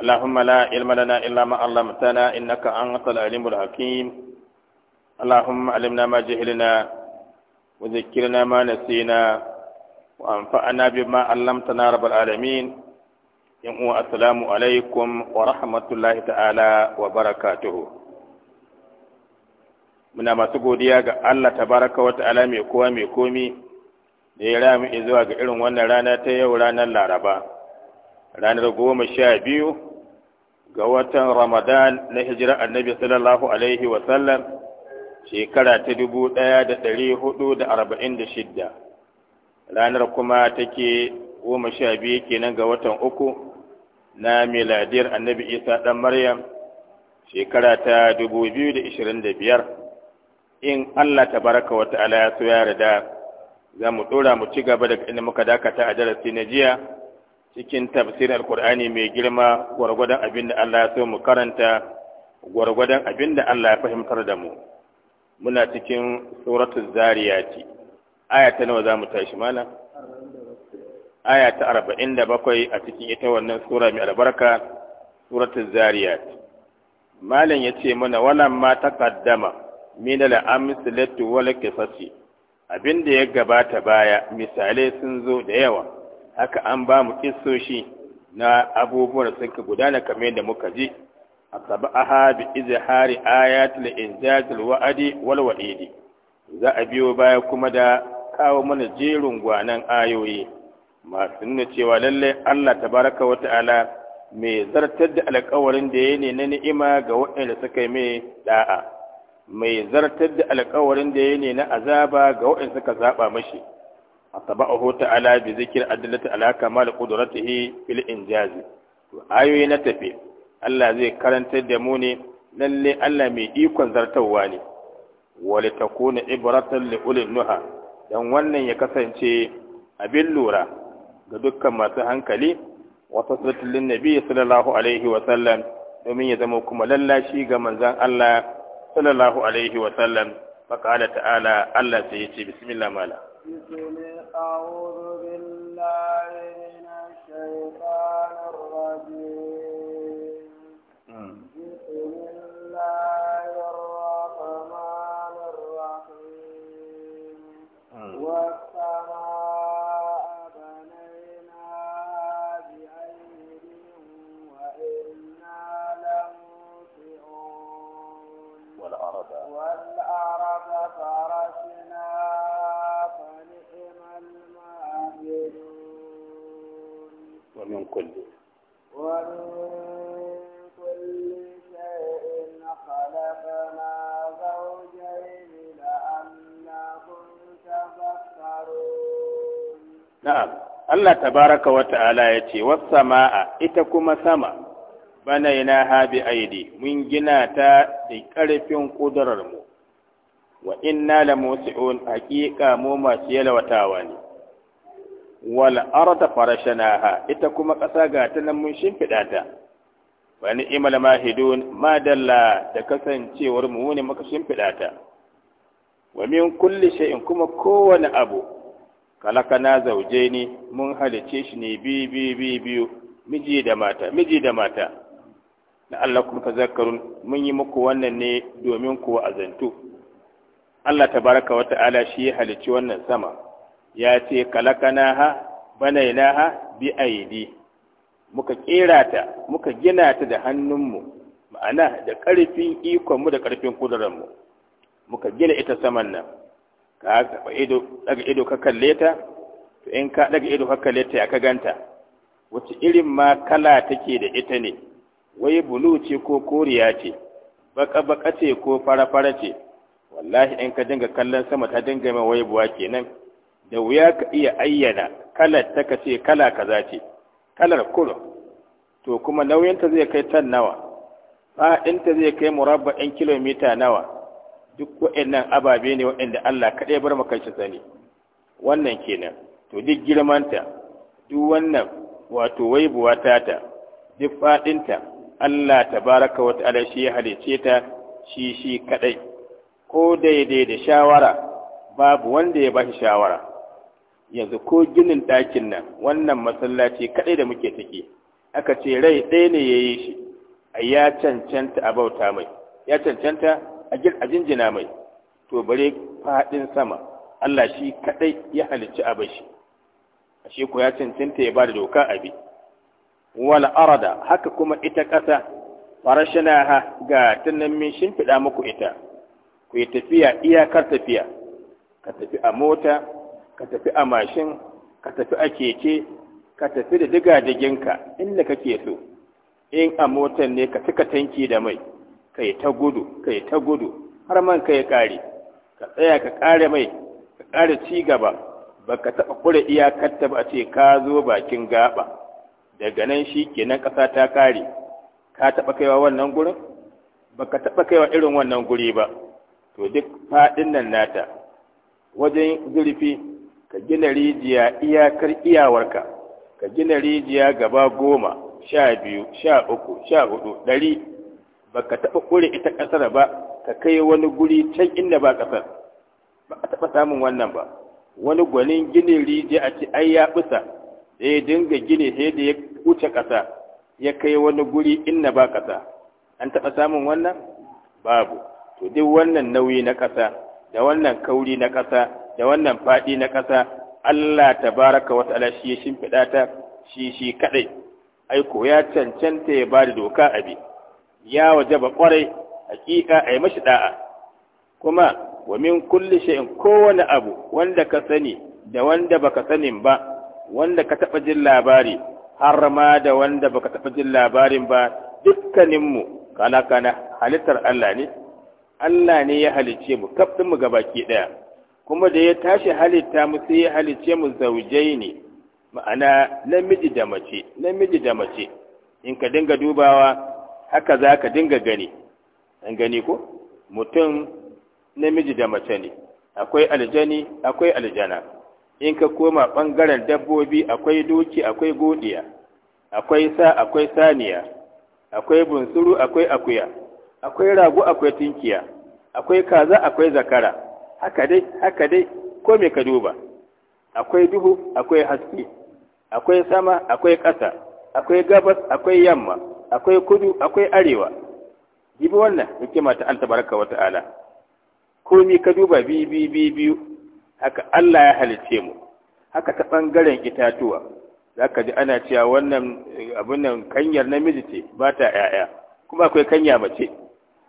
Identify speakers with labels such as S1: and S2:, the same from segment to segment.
S1: اللهم لا علم لنا إلا ما علمتنا إنك أنت العليم الحكيم اللهم علمنا ما جهلنا وذكرنا ما نسينا وأنفعنا بما علمتنا رب العالمين يقول السلام عليكم ورحمة الله تعالى وبركاته muna masu godiya ga Allah tabaraka wa ta'ala mai kowa mai komi da ya rami zuwa ga irin wannan rana ta yau ranar Laraba ranar goma sha biyu ga watan ramadan na hijira annabi sallallahu alaihi wasallam shekara ta dubu ɗaya da ɗari hudu da arba'in da shidda ranar kuma take goma sha biyu kenan ga watan uku na miladiyar annabi isa ɗan maryam shekara ta dubu biyu da ishirin da biyar in allah ta baraka wata ala ya so ya rida za mu ɗora mu ci gaba daga inda muka dakata a darasi na jiya cikin tafsirin alkur'ani mai girma gwargwadon abin da Allah ya so mu karanta gwargwadon abin da Allah ya fahimtar da mu muna cikin suratul zariyati aya ta nawa za mu tashi mana aya ta arba'in da bakwai a cikin ita wannan sura mai albarka suratul zariyati malam ya ce mana walan ma taqaddama min al-amsalati wal qisasi abin da ya gabata baya misalai sun zo da yawa haka an ba mu kissoshi na abubuwan da suka gudana kamar yadda muka ji a aha bi izhari la injazil wa'adi wal wa'idi za a biyo baya kuma da kawo mana jerin gwanan ayoyi masu nuna cewa lalle Allah tabaraka wa ta'ala mai zartar da alƙawarin da ya ne na ni'ima ga waɗanda suka yi mai da'a mai zartar da alƙawarin da ya ne na azaba ga waɗanda suka zaba mashi atba'ahu ta'ala bi zikr adillati ala kamal qudratihi fil injazi to ayoyi na tafe Allah zai karantar da mu ne lallai Allah mai ikon zartarwa ne wali takuna ibratan li ulil nuha dan wannan ya kasance abin lura ga dukkan masu hankali wa tasratul linnabi sallallahu alaihi wa sallam domin ya zama kuma lallashi ga manzan Allah sallallahu alaihi wa sallam فقال تعالى الله سيتي بسم الله مالا
S2: بسم أعوذ بالله
S1: Allah tabaraka wa ta'ala ya ce sama'a ita kuma sama bana yana bi aidi mun gina ta da ƙarfin ƙudurarmu, mu wa inna la musi'un haƙiƙa mu masu yalwatawa ne farashe na ha, ita kuma ƙasa ga ta nan mun shimfiɗa ta wa ma mahidun ma dalla da kasancewar mu ne muka shimfiɗa ta wa min kulle shay'in kuma kowane abu kalakana zauje ne mun halice shi ne biyu biyu biyu biyu miji da mata miji da mata na Allah kun tazakkarun mun yi muku wannan ne domin ku azantu Allah tabaraka wa ta'ala shi ya halici wannan sama ya ce na ha na ha bi aidi muka kera ta muka gina ta da hannunmu ma'ana da ƙarfin ikonmu da ƙarfin kuduranmu muka gina ita saman nan ka taɓa ido daga ido ka kalle ta to in ka daga ido ka kalle ta ya ka ganta wace irin ma kala take da ita ne wai bulu ce ko koriya ce baka baka ce ko fara fara ce wallahi in ka dinga kallon sama ta dinga mai buwa kenan da wuya ka iya ayyana kalar ta ka ce kala kaza ce kalar kulo to kuma nauyinta zai kai tan nawa ta zai kai murabba'in kilomita nawa duk waɗannan ababe ne waɗanda Allah kaɗai bar makarci sani wannan kenan to duk girmanta duk wannan wato waibuwa ta duk faɗinta Allah ta wata wata shi ya halice ta shi shi kaɗai ko daidai da shawara babu wanda ya bashi shawara yanzu ko ginin ɗakin nan wannan masallaci kaɗai da muke take aka ce rai ɗaya ne ya yi shi a ya cancanta a bauta mai ya cancanta a jinjina mai to bare faɗin sama Allah shi kaɗai ya halicci a bashi ashe ko ya cancanta ya ba da doka abi wala arada haka kuma ita ƙasa farashana ha ga tunan min shimfiɗa muku ita ku yi tafiya iyakar tafiya ka tafi a mota ka tafi a mashin ka tafi a keke ka tafi da diga-diginka, inda kake so in a motar ne ka cika tanki da mai ka yi ta gudu ka ta gudu har man ka ya ƙari, ka tsaya ka ƙare mai ka ƙare ci gaba ba ka taɓa kure iyakar ta ba ce ka zo bakin gaba daga nan shi kenan ƙasa ta ƙare ka taɓa kaiwa wannan gurin ba ka taɓa kaiwa irin wannan guri ba to duk faɗin nan nata wajen zurfi ka gina rijiya iyakar iyawarka ka gina rijiya gaba goma sha biyu sha uku sha hudu ɗari baka taɓa ƙure ita ƙasar ba ka kai wani guri can inda ba ƙasar ba a taɓa samun wannan ba wani gwanin gini rijiya a ce ai ya ɓusa da ya dinga gini sai da ya wuce ƙasa ya kai wani guri inda ba ƙasa an taɓa samun wannan babu to duk wannan nauyi na ƙasa da wannan kauri na ƙasa da wannan faɗi na ƙasa Allah baraka wa ta'ala shi ya shimfiɗa ta shi shi kaɗai aiko ya cancanta ya ba da doka abi ya wajaba kwarai hakika ai mashi da'a kuma wa min kulli shay'in kowane abu wanda ka sani da wanda baka sanin ba wanda ka taba jin labari har ma da wanda baka taba jin labarin ba dukkaninmu Kana-kana, halittar Allah ne Allah ne ya halicce mu kafin mu gabaki daya kuma da ya tashi halitta mu sai ya halice mu zaujai ne ma'ana namiji da mace namiji da mace in ka dinga dubawa haka za ka dinga gani an gani ko mutum namiji da mace ne akwai aljani akwai aljana in ka koma ɓangaren dabbobi akwai doki akwai godiya akwai sa akwai saniya akwai bunsuru akwai akuya akwai rago akwai tinkiya akwai kaza akwai zakara haka dai haka dai ko me ka duba akwai duhu akwai haske akwai sama akwai ƙasa akwai gabas akwai yamma akwai kudu akwai arewa jibi wannan yake ta an tabaraka wa ta'ala komi ka duba bi bi bi biyu haka Allah ya halice mu haka ta bangaren itatuwa zaka ji ana cewa wannan eh, abun nan kanyar namiji ce ba ta yaya kuma akwai kanya mace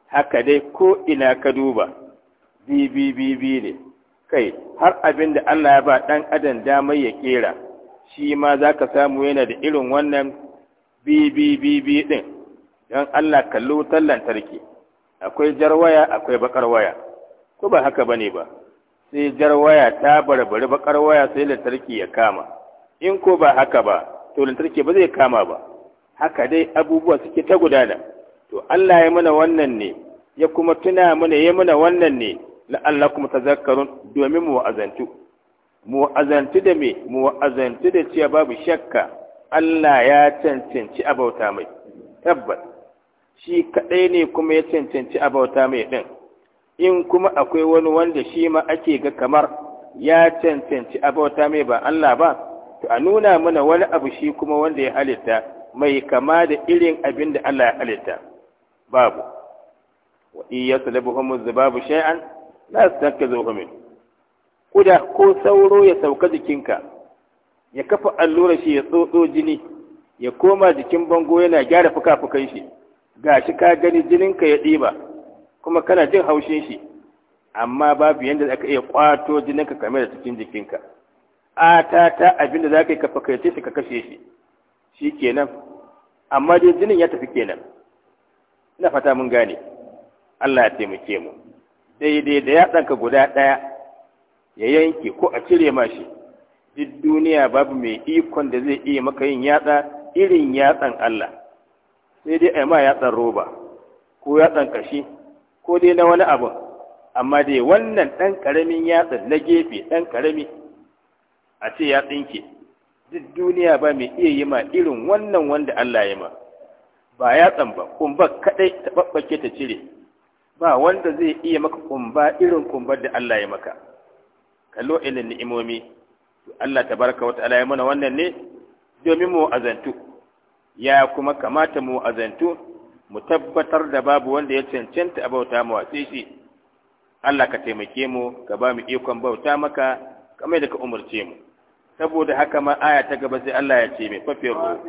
S1: haka dai ko ina ka duba bi bi bi bi ne kai har abin da Allah ya ba dan adam damar ya kera shi ma zaka samu yana da irin wannan bi, din, don Allah Kallo wutar lantarki akwai jar waya akwai bakar waya ko ba haka bane ba sai jar waya ta barbari bakar waya sai lantarki ya kama in ko ba haka ba to lantarki ba zai kama ba haka dai abubuwa suke ta gudana to Allah ya mana wannan ne ya kuma tuna mana ya mana wannan ne la'alla kuma tazakkarun domin mu wa'azantu mu wa'azantu da me mu wa'azantu da cewa babu shakka Allah ya cancanci bauta mai tabbat shi kaɗai ne kuma ya cancanci bauta mai ɗin in kuma akwai wani wanda shi ma ake ga kamar ya cancanci bauta mai ba Allah ba to a nuna mana wani abu shi kuma wanda ya halitta mai kama da irin abin da Allah ya halitta babu wa iya Na zubabu shay'an la tastakizuhum kuda ko sauro ya sauka jikinka ya kafa allura shi ya tsotso jini ya koma jikin bango yana gyara fuka-fukan shi gashi ka gani jininka ya ɗiba kuma kana jin haushin shi amma babu yadda za ka iya kwato jininka kamar da cikin jikinka a ta ta abinda za ka yi ka fakaice shi ka kashe shi shi kenan amma dai jinin ya tafi kenan ina fata mun gane Allah ya taimake mu daidai da yatsanka guda ɗaya ya yanke ko a cire mashi. duk duniya babu mai ikon da zai iya maka yin yatsa irin yatsan Allah sai dai ai ma yatsan roba ko yatsan kashi ko dai na wani abu amma dai wannan ɗan ƙaramin yatsa na gefe ɗan ƙarami a ce ya tsinke duk duniya ba mai iya yi ma irin wannan wanda Allah ya ma ba yatsan ba kumba kaɗai taɓaɓɓake ta cire ba wanda zai iya maka kumba irin kumbar da Allah ya maka kallo ilin ni'imomi Allah ta tabaraka wata ya mana wannan ne domin mu azantu ya kuma kamata mu azantu mu tabbatar da babu wanda ya cancanta a bauta mu shi Allah ka taimake mu ka ba mu ikon bauta maka kamar da ka umarce mu saboda haka ma aya ta gaba sai Allah ya ce mai fafiyar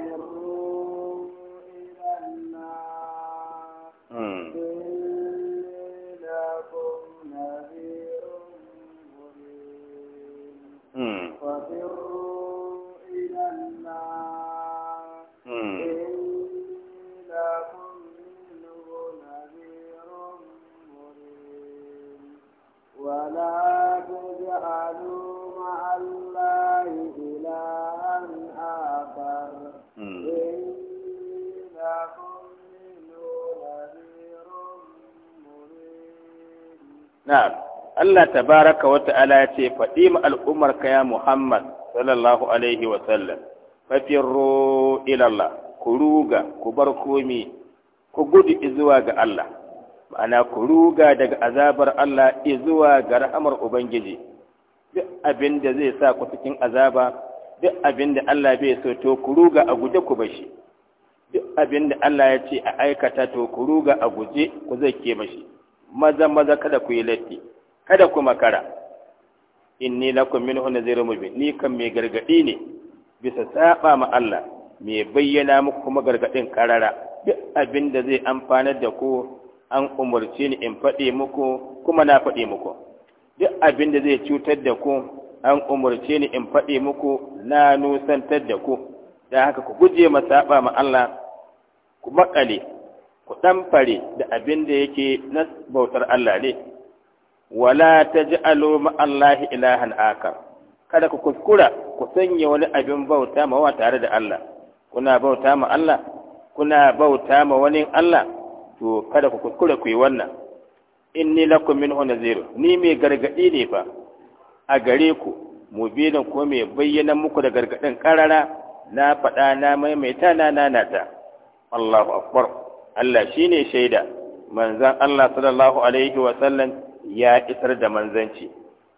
S1: Allah tabaraka wa ta'ala ya ce faɗi ma al'ummar ka ya Muhammad sallallahu alaihi wa sallam fafirro ilallah ku ruga ku bar komi ku gudu zuwa ga Allah ma'ana ku ruga daga azabar Allah zuwa ga rahamar Ubangiji duk abin da zai sa ku cikin azaba duk abin da Allah bai so to ku ruga a guje ku bashi duk abin da Allah ya ce a aikata to ku ruga a guje ku zai ke mashi maza maza kada ku yi latti kada ku makara inni lakum minhu nadhiru mubin ni kan me gargadi ne bisa saba ma Allah me bayyana muku kuma gargadin karara duk abin da zai amfanar da ku an umarci ni in faɗe muku kuma na faɗe muku duk abin da zai cutar da ku an umarci ni in faɗe muku na nusantar da ku da haka ku guje ma saba ma Allah ku makale ku ɗamfare da abin da yake na bautar Allah ne wala ta taj'alu ma Allahi ilahan akar kada ku kuskura ku sanya wani abin bauta ma wa tare da Allah kuna bauta ma Allah kuna bauta ma wani Allah to kada ku kuskura ku yi wannan inni lakum minhu nazir ni mai gargadi ne fa a gare ku mubinan ko mai bayyana muku da gargadin karara na faɗa na maimaita na nanata Allahu akbar Allah shine shaida manzon Allah sallallahu alaihi wa sallam ya isar da manzanci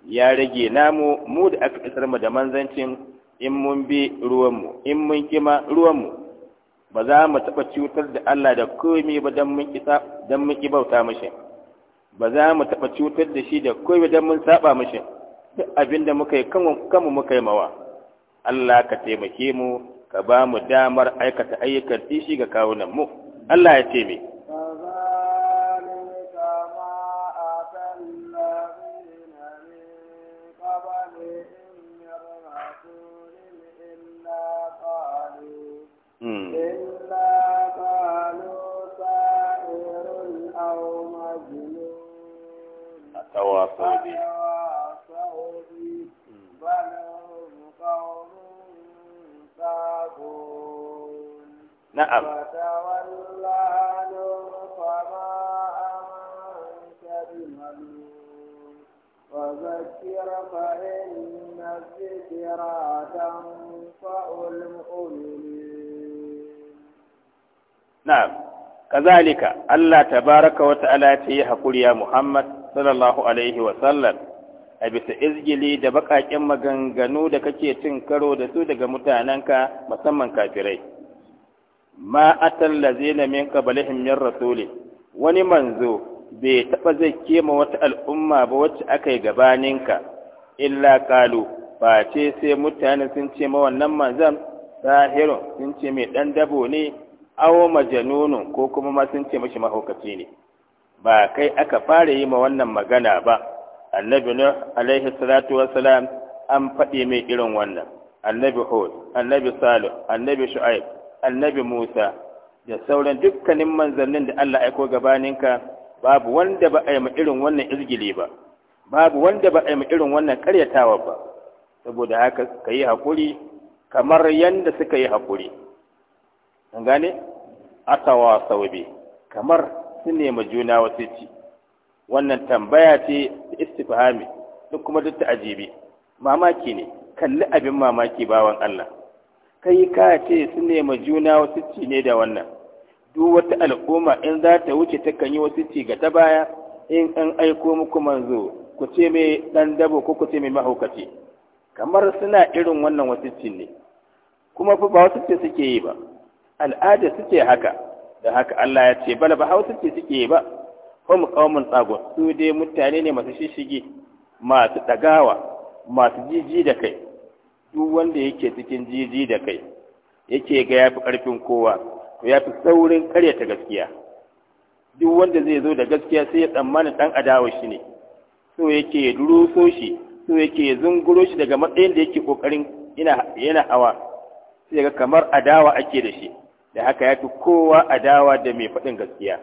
S1: ya rage namu mu da aka isar mu da manzancin in mun bi ruwanmu in mun kima ruwanmu ba za mu taɓa cutar da Allah da komai ba don mun kisa mun ki bauta mashi ba za mu taɓa cutar da shi da komai don mun saba mashi duk abin da muka yi kanmu muka yi mawa Allah ka taimake mu ka ba mu damar aikata ayyukan tishi ga kawunan mu Allah ya taimake
S2: وتواصوا به نعم وتولى عنهم فما أنت بملوم وذكر فإن الذكرى تنفع المؤمنين
S1: نعم kazalika Allah tabaraka wa ta'ala ta yi haƙuri ya Muhammad sallallahu alaihi wasallam a bisa izgili da baƙaƙen maganganu da kake cin karo da su daga mutanenka musamman kafirai ma atal lazina min qablihim min rasuli wani manzo bai taɓa zai kema wata al'umma ba wacce aka yi gabaninka illa kalu ba ce sai mutane sun ce ma wannan manzan zahiru sun ce mai ɗan dabo ne awo majanunu ko kuma ma sun ce mashi mahaukaci ne ba kai aka fara yi ma wannan magana ba annabi nuh alaihi salatu wassalam an faɗi mai irin wannan annabi hud annabi salih annabi shu'aib annabi musa da sauran dukkanin manzannin da Allah aiko gabaninka babu wanda ba a yi irin wannan izgili ba babu wanda ba a yi irin wannan karyatawa ba saboda haka ka yi haƙuri kamar yadda suka yi haƙuri an gane asawa saube kamar su ma juna wasu ci? wannan tambaya ce da istifahami duk kuma duk ta'ajibi mamaki ne kalli abin mamaki bawan Allah kai ka ce su ma juna wasu ci ne da wannan duk wata al'umma in za ta wuce ta kan yi ci ga ta baya in an aiko muku manzo ku ce mai dan dabo ko ku ce mai mahaukaci kamar suna irin wannan wasu ci ne kuma fa ba wasicin suke yi ba al'ada suke haka da haka Allah ya ce bala ba hausa ce suke ba hum qaumun tsagon su dai mutane ne masu shishige masu dagawa masu jiji da kai duk wanda yake cikin jiji da kai yake ga yafi karfin kowa to yafi saurin ta gaskiya duk wanda zai zo da gaskiya sai ya tsammanin dan adawa shi ne so yake duruso shi so yake zunguro shi daga matsayin da yake kokarin ina yana hawa sai ga kamar adawa ake da shi da haka ya fi kowa adawa da mai faɗin gaskiya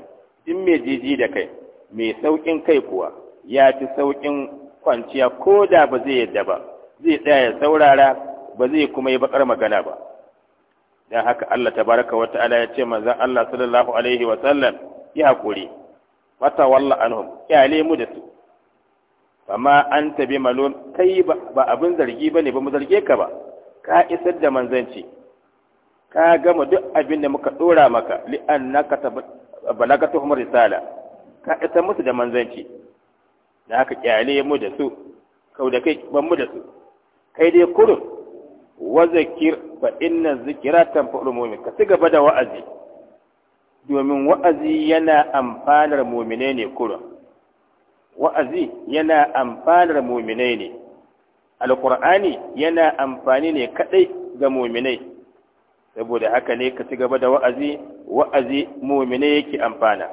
S1: in mai jiji da kai mai sauƙin kai kuwa ya fi sauƙin kwanciya ko da ba zai yadda ba zai tsaya saurara ba zai kuma yi bakar magana ba da haka Allah tabaraka wa ta'ala ya ce manzon Allah sallallahu alaihi wa ya hakuri fata walla anhum kyale mu da su amma an tabi malum kai ba abin zargi bane ba mu zarge ka ba ka isar da manzanci ka gama duk abin da muka dora maka li'annaka balagatuhum risala ka isa musu da manzanci da haka kyale mu da su kau da kai ban mu da su kai dai kurun wa zakir fa inna zikra tanfa'ul mu'min ka ci gaba da wa'azi domin wa'azi yana amfanar mu'mine ne kurun wa'azi yana amfanar mu'mine ne alqur'ani yana amfani ne kadai ga mu'minai saboda haka ne ka ci gaba da wa'azi wa'azi mu'mine yake amfana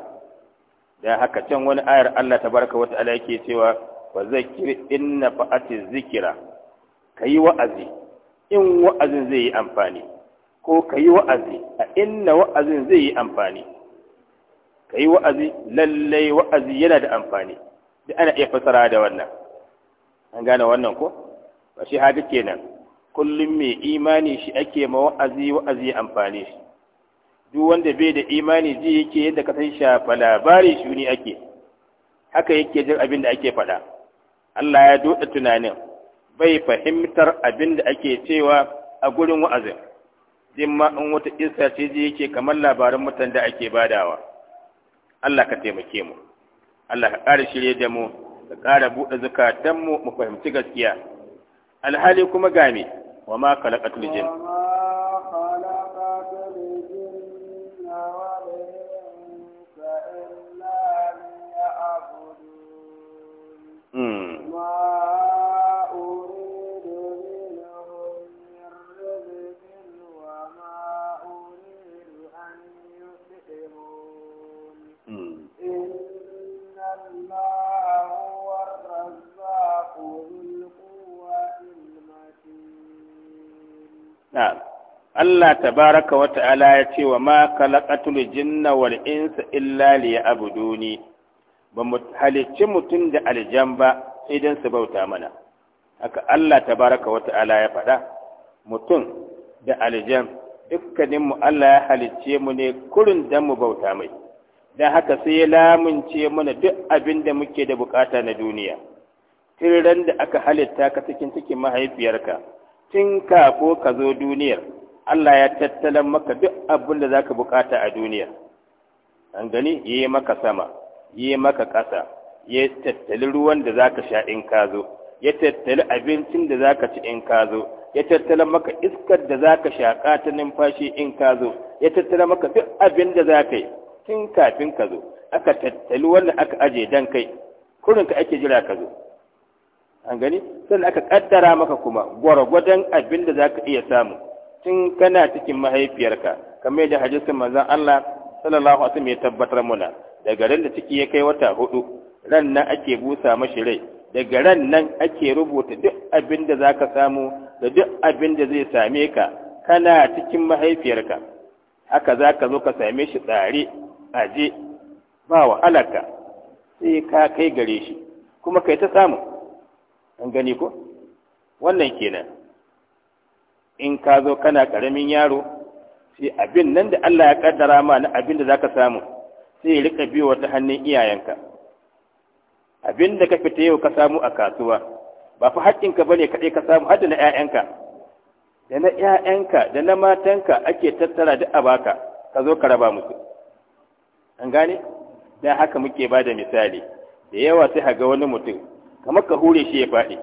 S1: dan haka can wani ayar Allah tabaraka wa ta'ala yake cewa wa zakir inna fa'ati zikira yi wa'azi in wa'azin zai yi amfani ko yi wa'azi a inna wa'azin zai yi amfani yi wa'azi lallai wa'azi yana da amfani da ana iya fasara da wannan an gane wannan ko ba shi haka kenan kullum mai imani shi ake ma wa'azi wa'azi amfani shi duk wanda bai da imani zai yake yadda ka san shafa labari shuni ake haka yake jin abin da ake faɗa Allah ya doda tunanin bai fahimtar abin da ake cewa a gurin wa'azin din ma in wata isa ce zai yake kamar labarin mutan da ake badawa Allah ka taimake mu Allah ka ƙara shirye da mu ka ƙara buɗe zukatanmu mu fahimci gaskiya alhali kuma game wa ma khalaqatul jin. Allah tabaraka wa ta'ala ya ce wa ma khalaqatul jinna wal insa illa duni ba mu halicci mutum da aljan ba idan su bauta mana haka Allah tabaraka wa ta'ala ya faɗa mutum da aljan dukkanin mu Allah ya halicce mu ne kurin don mu bauta mai dan haka sai ya lamunce mana duk abin da muke da bukata na duniya tirren da aka halitta ka cikin cikin mahaifiyarka tun kafo ka zo duniyar Allah ya tattalan maka duk abin da ka bukata a duniya an gani yi maka sama yi maka ƙasa ya tattali ruwan da za ka sha in ka zo ya tattali abincin da za ka ci in ka zo ya tattala maka iskar da za ka shaƙa ta numfashi in ka zo ya tattala maka duk abin da ka yi tun kafin ka zo aka tattali wanda aka aje dan kai kurinka ake jira ka zo an gani sannan aka kaddara maka kuma gwargwadon abin da zaka iya samu tun kana cikin mahaifiyarka kamar da hadisin manzon Allah sallallahu alaihi wasallam ya tabbatar muna daga ran da ciki ya kai wata hudu ran nan ake busa mashi rai daga ran nan ake rubuta duk abin da zaka samu da duk abin da zai same ka kana cikin mahaifiyarka haka zaka zo ka same shi tsare aje ba wahalarka sai ka kai gare shi kuma kai ta samu an gani ko wannan kenan in ka zo kana karamin yaro sai abin nan da Allah ya kaddara ma na abin da zaka samu sai ya rika biyo wata hannun iyayenka abin da ka fita yau ka samu a kasuwa ba fa ka bane kaɗai ka samu hadda na 'ya'yanka da na 'ya'yanka da na matanka ake tattara duk a ka zo ka raba musu an gane dan haka muke ba da misali da yawa sai ga wani mutum kamar ka hure shi ya faɗi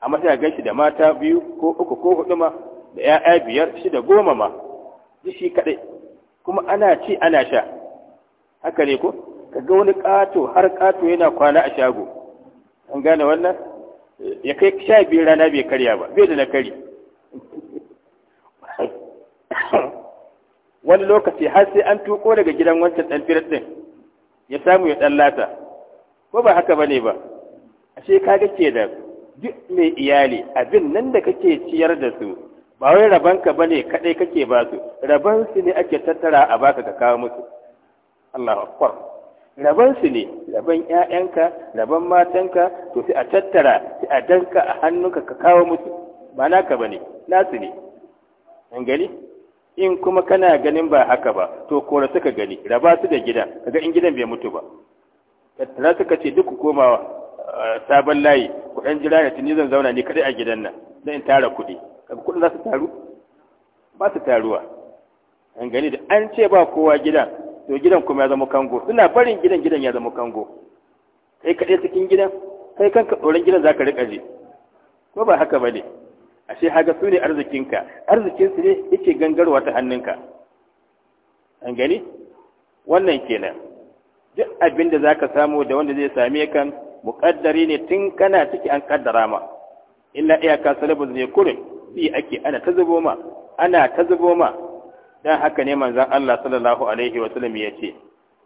S1: amma sai gan shi da mata biyu ko uku ko hudu ma da ya'ya biyar shi da goma ma duk shi kaɗai kuma ana ci ana sha haka ne ko ka ga wani ƙato har ƙato yana kwana a shago an gane wannan ya kai sha biyu rana bai karya ba bai da na kari wani lokaci har sai an tuko daga gidan wancan ɗan firar ɗin ya samu ya ɗan lata ko ba haka ba ne ba ashe ga ke da duk mai iyali abin nan da kake ciyar da su ba wai ka bane kadai kake ba su raban su ne ake tattara a baka ka kawo musu Allahu akbar raban su ne raban ƴaƴanka raban matanka to sai a tattara sai a danka a hannunka ka kawo musu ba naka bane nasu ne an gani in kuma kana ganin ba haka ba to kora suka gani raba su da gidan kaga in gidan bai mutu ba tattara suka ce duk komawa sabon layi ku ɗan jira da tuni zan zauna ni kadai a gidan nan zan in tara kuɗi kaga kuɗin za su taru ba su taruwa an gani da an ce ba kowa gidan to gidan kuma ya zama kango suna barin gidan gidan ya zama kango kai kaɗai cikin gidan kai kanka tsoron gidan ka riƙa ji ko ba haka ba ne? ashe haga su ne arzikinka arzikinsu ne yake gangarwa ta hannunka an gani wannan kenan duk abin da ka samu da wanda zai same kan muƙaddari ne tun kana ciki an ƙaddara ma illa iyaka salabus ne kurin bi ake ana ta zubo ma ana ta zubo ma dan haka ne manzon Allah sallallahu alaihi wa sallam ya ce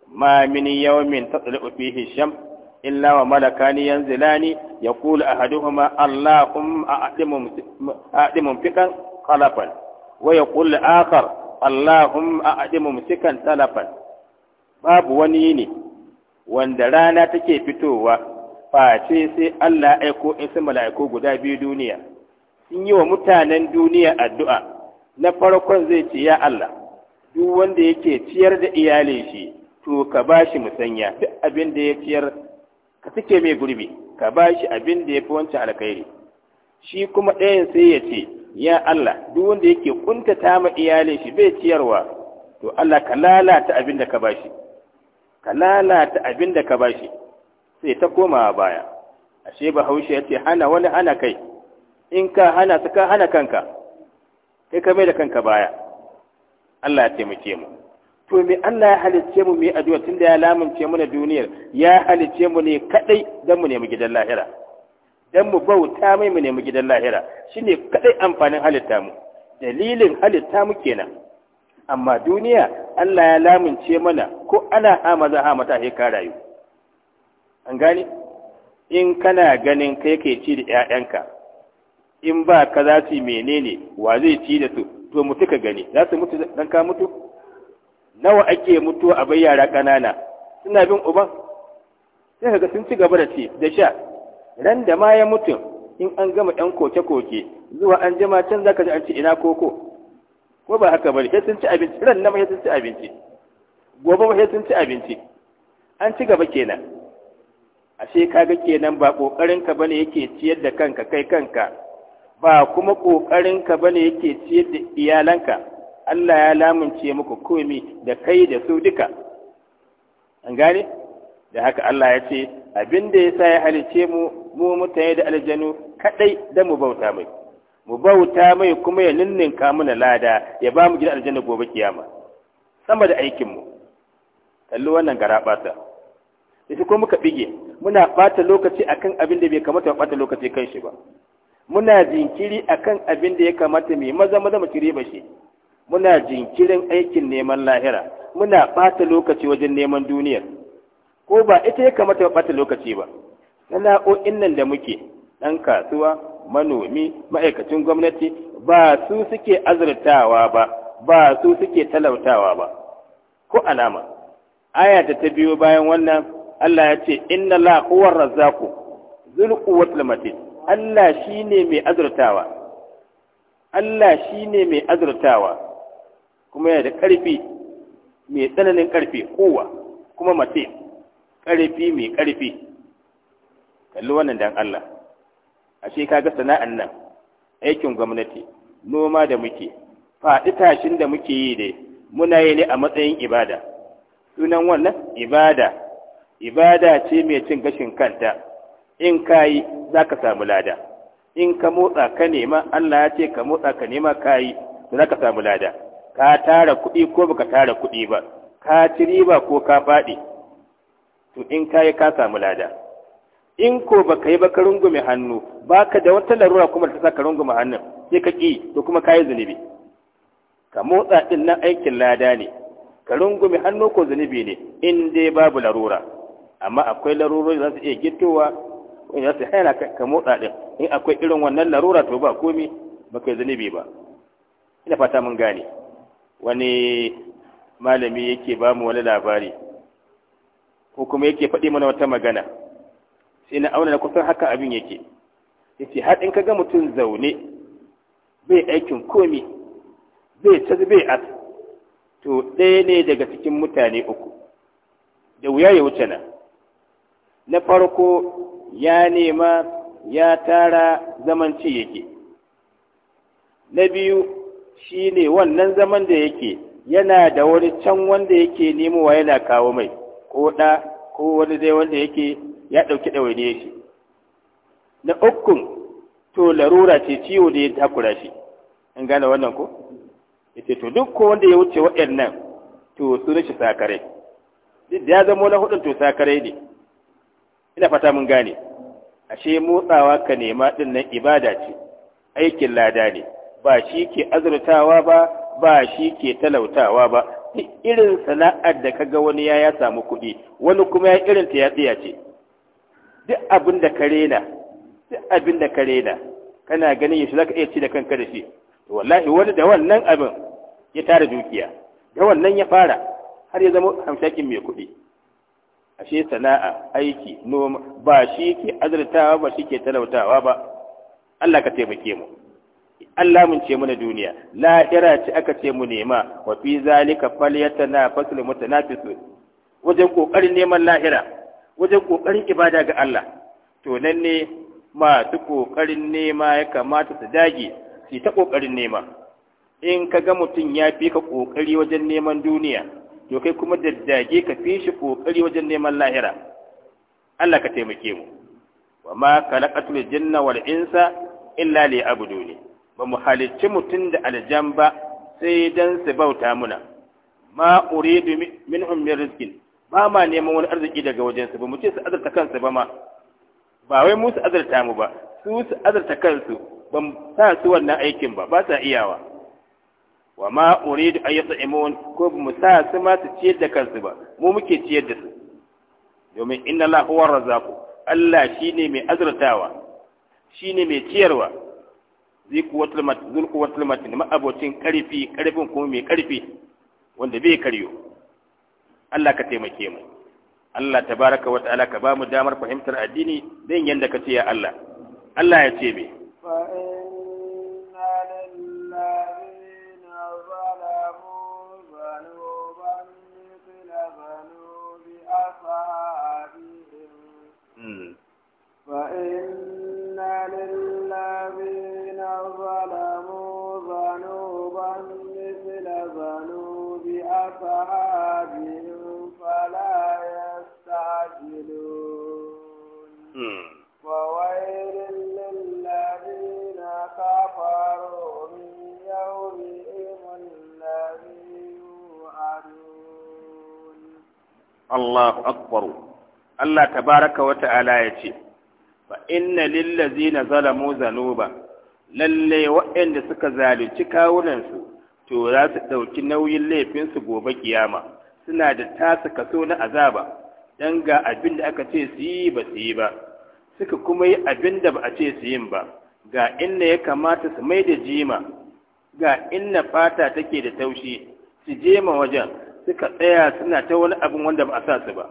S1: ma min yawmin tatlu fihi sham illa wa malakani yanzilani yaqulu ahaduhuma allahumma a'dimum a'dimum fikan qalafan wa yaqulu akhar allahumma a'dimum sikan talafan babu wani ne wanda rana take fitowa face sai Allah ya aiko in sai mala'iku guda biyu duniya sun yi wa mutanen duniya addu'a na farkon zai ce ya Allah duk wanda yake ciyar da iyalin shi to ka bashi musanya duk abin da ya ciyar ka suke mai gurbi ka bashi abin da ya fi wancan alkhairi shi kuma ɗayan sai ya ce ya Allah duk wanda yake kuntata ma iyalin shi bai ciyarwa to Allah ka lalata abin da ka bashi ka lalata abin da ka bashi sai ta koma baya ashe bahaushe ya ce hana wani hana kai in ka hana su ka hana kanka kai ka mai da kanka baya Allah ya taimake mu to me Allah ya halicce mu me addu'a tunda ya lamunce mu na duniyar ya halicce mu ne kadai dan mu nemi gidan lahira dan mu bauta mai mu nemi gidan lahira shine kadai amfanin halitta mu dalilin halitta mu kenan amma duniya Allah ya lamunce mana ko ana hama za ha mata sai ka rayu an gane in kana ganin kai ke ci da 'ya'yanka in ba ka za su menene wa zai ci da su to mutu ka gani za su mutu dan ka mutu nawa ake mutu a bai yara ƙanana suna bin uban sai ga sun ci gaba da ci da sha ran da ma ya mutu in an gama ɗan koke-koke zuwa an jima can zaka ji an ci ina koko ko ba haka bane sai sun ci abinci ran na ma sai sun ci abinci gobe ma sai sun ci abinci an ci gaba kenan ashe kaga kenan ba ƙoƙarinka ba ne yake ciyar da kanka kai kanka ba kuma ƙoƙarinka ba ne yake ciyar da iyalanka Allah ya lamunce muku komai da kai da su duka an gane da haka Allah ya ce abinda yasa ya sa ya halice mu mu mutane da aljanu kadai da mu bauta mai mu bauta mai kuma ya ninninka mana lada ya ba mu gidan aljanna gobe kiyama sama da aikinmu kalli wannan garabata da shi ko muka bige muna ɓata lokaci akan abin da bai kamata mu ɓata lokaci kan shi ba muna jinkiri akan abin da ya kamata mai maza maza mu cire ba shi muna jinkirin aikin neman lahira muna ɓata lokaci wajen neman duniyar ko ba ita ya kamata mu ɓata lokaci ba sana'o'in nan da muke ɗan kasuwa manomi ma'aikacin gwamnati ba su suke azurtawa ba ba su suke talautawa ba ko alama aya ta biyo bayan wannan Allah ya ce inna la huwa razzaqu zul quwwatul matin Allah shine mai azurtawa Allah shine mai azurtawa kuma yana da ƙarfi mai tsananin ƙarfi kowa kuma mace ƙarfi mai ƙarfi kalli wannan dan Allah ashe kaga sana'an nan aikin gwamnati noma da muke faɗi tashin da muke yi dai muna yi ne a matsayin ibada sunan wannan ibada ibada ce mai cin gashin kanta in ka yi za ka samu lada in ka motsa ka nema Allah ya ce ka motsa ka nema ka yi za ka samu lada ka tara kuɗi ko baka tara kuɗi ba ka ci riba ko ka faɗi to in ka yi ka samu lada in ko baka yi ba ka rungume hannu baka da wata larura kuma ta sa ka rungume hannun sai ka ƙi to kuma ka yi zunubi ka motsa ɗin nan aikin lada ne ka rungume hannu ko zunubi ne in dai babu larura amma akwai larurori za su iya gittowa wanda za su hana ka motsa ɗin in akwai irin wannan larura to ba komi ba kai zanibi ba ina fata mun gane wani malami yake ba mu wani labari ko kuma yake faɗi mana wata magana sai na auna kusan haka abin yake yace har in kaga mutum zaune bai aikin komi bai ta bai at to ɗaya ne daga cikin mutane uku da wuya ya wuce nan na farko ya nema ya tara zaman yake na biyu shi ne wannan zaman da yake yana da wani can wanda yake nemowa yana kawo mai ko ɗa ko wani dai wanda yake ya ɗauki ɗawainiye shi na ukun to larura ce ciwo da ya takura shi in gane wannan ko ce to duk ko wanda ya wuce waɗannan to su rashi sakarai duk da ya zama na hudun to sakarai ne ina fata mun gane ashe motsawa ka nema din nan ibada ce aikin lada ne ba shi ke azurtawa ba ba shi ke talautawa ba irin sana'ar da kaga wani ya ya samu kuɗi wani kuma ya irin ta ya tsaya ce duk abin da ka rena duk abin da ka rena kana ganin yashi zaka iya ci da kanka da shi wallahi wani da wannan abin ya tara dukiya da wannan ya fara har ya zama hamshakin mai kuɗi ashe sana'a aiki noma ba shi ke azurtawa ba shi ke talautawa ba Allah ka taimake mu Allah mun ce mana duniya lahira ce aka ce mu nema wa fi zalika falyatana fasl mutanafisu wajen kokarin neman lahira wajen kokarin ibada ga Allah to nan ne masu kokarin nema ya kamata su dage su ta kokarin nema in ka ga mutum ya fi ka kokari wajen neman duniya to kai kuma daddage ka fi shi kokari wajen neman lahira Allah ka taimake mu wa ma khalaqatul jinna wal insa illa li abuduni ba mu halicci mutun da aljan ba sai dan su bauta muna ma uridu minhum min rizqin ba ma neman wani arziki daga wajen su ba mu ce su azurta kansu ba ma ba wai mu su azurta mu ba su su azurta kansu ban sa su wannan aikin ba ba sa iyawa wa ma uridu an yut'imun ko mu sa su ma su ciyar da kansu ba mu muke ciyar da su domin inna Allah huwa razzaqu Allah shine mai azurtawa shine mai ciyarwa zai kuwatul mat zul kuwatul mat ma abocin karfi karfin kuma mai karfi wanda bai karyo Allah ka taimake mu Allah tabaraka wa ta'ala ka ba mu damar fahimtar addini dan yanda ka ya Allah Allah ya ce me
S2: أصحابهم فإن للذين ظلموا ذنوبا مثل ذنوب أصحابهم
S1: Allahu akbar Allah tabaraka wa ta'ala ya ce fa inna ladzina zalamu zanuba lalle waɗanda suka zalunci kawunan su to za su ɗauki nauyin laifinsu gobe kiyama suna da tasa kaso na azaba dan ga abin da aka ce su yi ba su yi ba suka kuma yi abinda ba a ce su yin ba ga inna ya kamata su mai da jima ga inna fata take da taushi su jema wajen suka tsaya suna ta wani abin wanda ba a sa su ba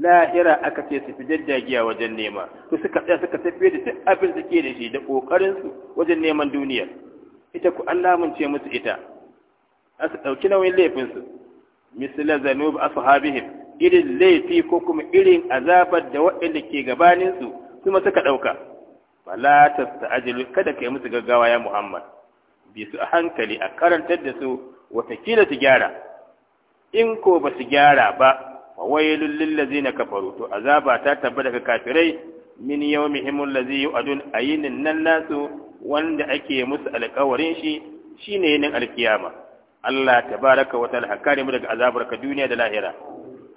S1: lahira aka ce su fi jajjagiya wajen nema to suka tsaya suka tafiye da duk abin suke da shi da kokarin su wajen neman duniya ita ku an lamunce musu ita a su ɗauki nauyin laifin su misla zanub ashabihim irin laifi ko kuma irin azabar da waɗanda ke gabanin su kuma suka ɗauka fala tasta'jilu kada kai musu gaggawa ya muhammad bi su a hankali a karantar da su watakila su gyara in ko ba su gyara ba wa wailul lil ladzina kafaru to azaba ta tabbata ga kafirai min yawmihim allazi yu'adun ayinan nan nasu wanda ake musu alƙawarin shi shine yin alkiyama Allah tabaraka wa ta'ala kare mu daga azabar ka duniya da lahira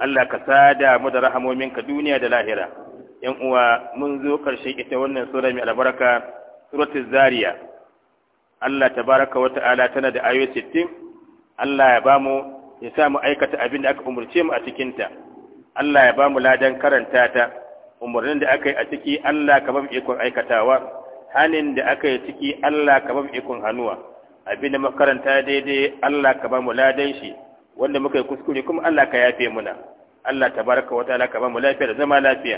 S1: Allah ka sada mu da rahmomin ka duniya da lahira yan uwa mun zo karshen ita wannan sura mai albarka suratul zariya Allah tabaraka wa ta'ala tana da ayoyi 60 Allah ya bamu ya sa mu aikata abin da aka umurce mu a cikinta Allah ya ba mu ladan karanta ta umarnin da aka yi a ciki Allah ka ba mu ikon aikatawa hanin da aka yi ciki Allah ka ba mu ikon hannuwa abin da makaranta daidai Allah ka ba mu ladan shi wanda muka yi kuskure kuma Allah ka yafe muna Allah tabaraka wa ta'ala ka ba mu lafiya da zama lafiya